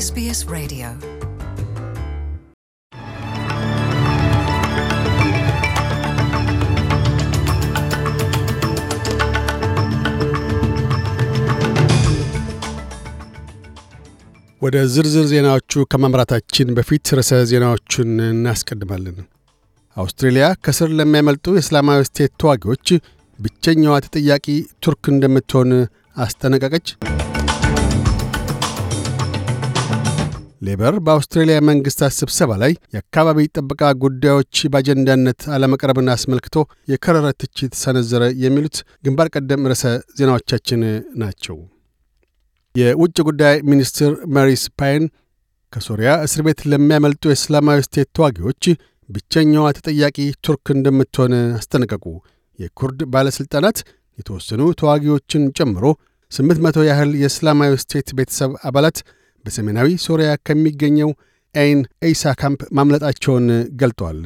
SBS Radio ወደ ዝርዝር ዜናዎቹ ከማምራታችን በፊት ርዕሰ ዜናዎቹን እናስቀድማለን። አውስትሬልያ ከስር ለሚያመልጡ የእስላማዊ ስቴት ተዋጊዎች ብቸኛዋ ተጠያቂ ቱርክ እንደምትሆን አስጠነቀቀች። ሌበር በአውስትሬልያ መንግሥታት ስብሰባ ላይ የአካባቢ ጥበቃ ጉዳዮች በአጀንዳነት አለመቅረብን አስመልክቶ የከረረ ትችት ሰነዘረ የሚሉት ግንባር ቀደም ርዕሰ ዜናዎቻችን ናቸው። የውጭ ጉዳይ ሚኒስትር መሪስ ፓይን ከሶሪያ እስር ቤት ለሚያመልጡ የእስላማዊ ስቴት ተዋጊዎች ብቸኛዋ ተጠያቂ ቱርክ እንደምትሆን አስጠነቀቁ። የኩርድ ባለሥልጣናት የተወሰኑ ተዋጊዎችን ጨምሮ 800 ያህል የእስላማዊ ስቴት ቤተሰብ አባላት በሰሜናዊ ሶሪያ ከሚገኘው ኤይን ኤይሳ ካምፕ ማምለጣቸውን ገልጠዋል።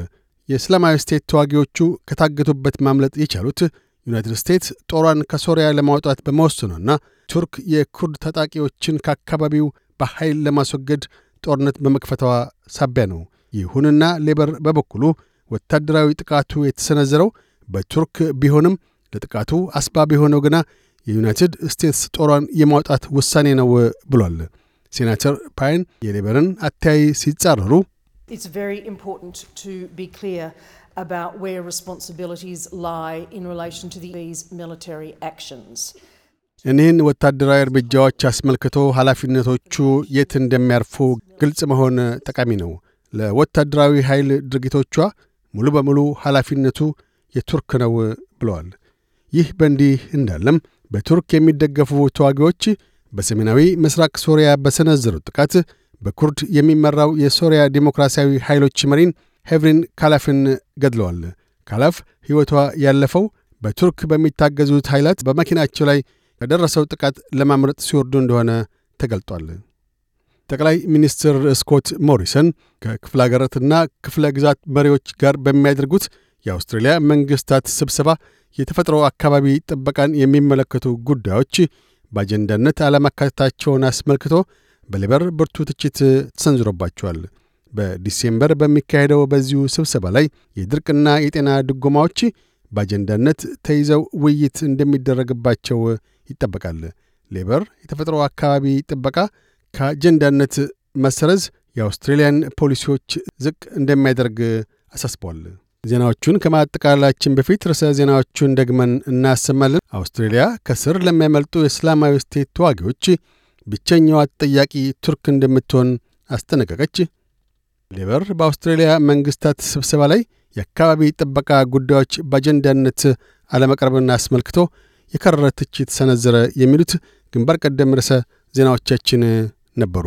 የእስላማዊ ስቴት ተዋጊዎቹ ከታገቱበት ማምለጥ የቻሉት ዩናይትድ ስቴትስ ጦሯን ከሶሪያ ለማውጣት በመወሰኗና ቱርክ የኩርድ ታጣቂዎችን ከአካባቢው በኃይል ለማስወገድ ጦርነት በመክፈቷ ሳቢያ ነው። ይሁንና ሌበር በበኩሉ ወታደራዊ ጥቃቱ የተሰነዘረው በቱርክ ቢሆንም ለጥቃቱ አስባብ የሆነው ግና የዩናይትድ ስቴትስ ጦሯን የማውጣት ውሳኔ ነው ብሏል። ሴናተር ፓይን የሌበርን አተያይ ሲጻረሩ እኒህን ወታደራዊ እርምጃዎች አስመልክቶ ኃላፊነቶቹ የት እንደሚያርፉ ግልጽ መሆን ጠቃሚ ነው። ለወታደራዊ ኃይል ድርጊቶቿ ሙሉ በሙሉ ኃላፊነቱ የቱርክ ነው ብለዋል። ይህ በእንዲህ እንዳለም በቱርክ የሚደገፉ ተዋጊዎች በሰሜናዊ ምስራቅ ሶሪያ በሰነዘሩት ጥቃት በኩርድ የሚመራው የሶሪያ ዴሞክራሲያዊ ኃይሎች መሪን ሄቭሪን ካላፍን ገድለዋል። ካላፍ ሕይወቷ ያለፈው በቱርክ በሚታገዙት ኃይላት በመኪናቸው ላይ ከደረሰው ጥቃት ለማምረጥ ሲወርዱ እንደሆነ ተገልጧል። ጠቅላይ ሚኒስትር ስኮት ሞሪሰን ከክፍለ አገራትና ክፍለ ግዛት መሪዎች ጋር በሚያደርጉት የአውስትሬልያ መንግሥታት ስብሰባ የተፈጥሮ አካባቢ ጥበቃን የሚመለከቱ ጉዳዮች በአጀንዳነት አለማካተታቸውን አስመልክቶ በሌበር ብርቱ ትችት ተሰንዝሮባቸዋል። በዲሴምበር በሚካሄደው በዚሁ ስብሰባ ላይ የድርቅና የጤና ድጎማዎች በአጀንዳነት ተይዘው ውይይት እንደሚደረግባቸው ይጠበቃል። ሌበር የተፈጥሮ አካባቢ ጥበቃ ከአጀንዳነት መሰረዝ የአውስትሬልያን ፖሊሲዎች ዝቅ እንደሚያደርግ አሳስቧል። ዜናዎቹን ከማጠቃላችን በፊት ርዕሰ ዜናዎቹን ደግመን እናሰማለን። አውስትሬልያ ከስር ለሚያመልጡ የእስላማዊ ስቴት ተዋጊዎች ብቸኛዋ ተጠያቂ ቱርክ እንደምትሆን አስጠነቀቀች። ሌበር በአውስትሬልያ መንግሥታት ስብሰባ ላይ የአካባቢ ጥበቃ ጉዳዮች በአጀንዳነት አለመቅረብን አስመልክቶ የከረረ ትችት ሰነዘረ። የሚሉት ግንባር ቀደም ርዕሰ ዜናዎቻችን ነበሩ።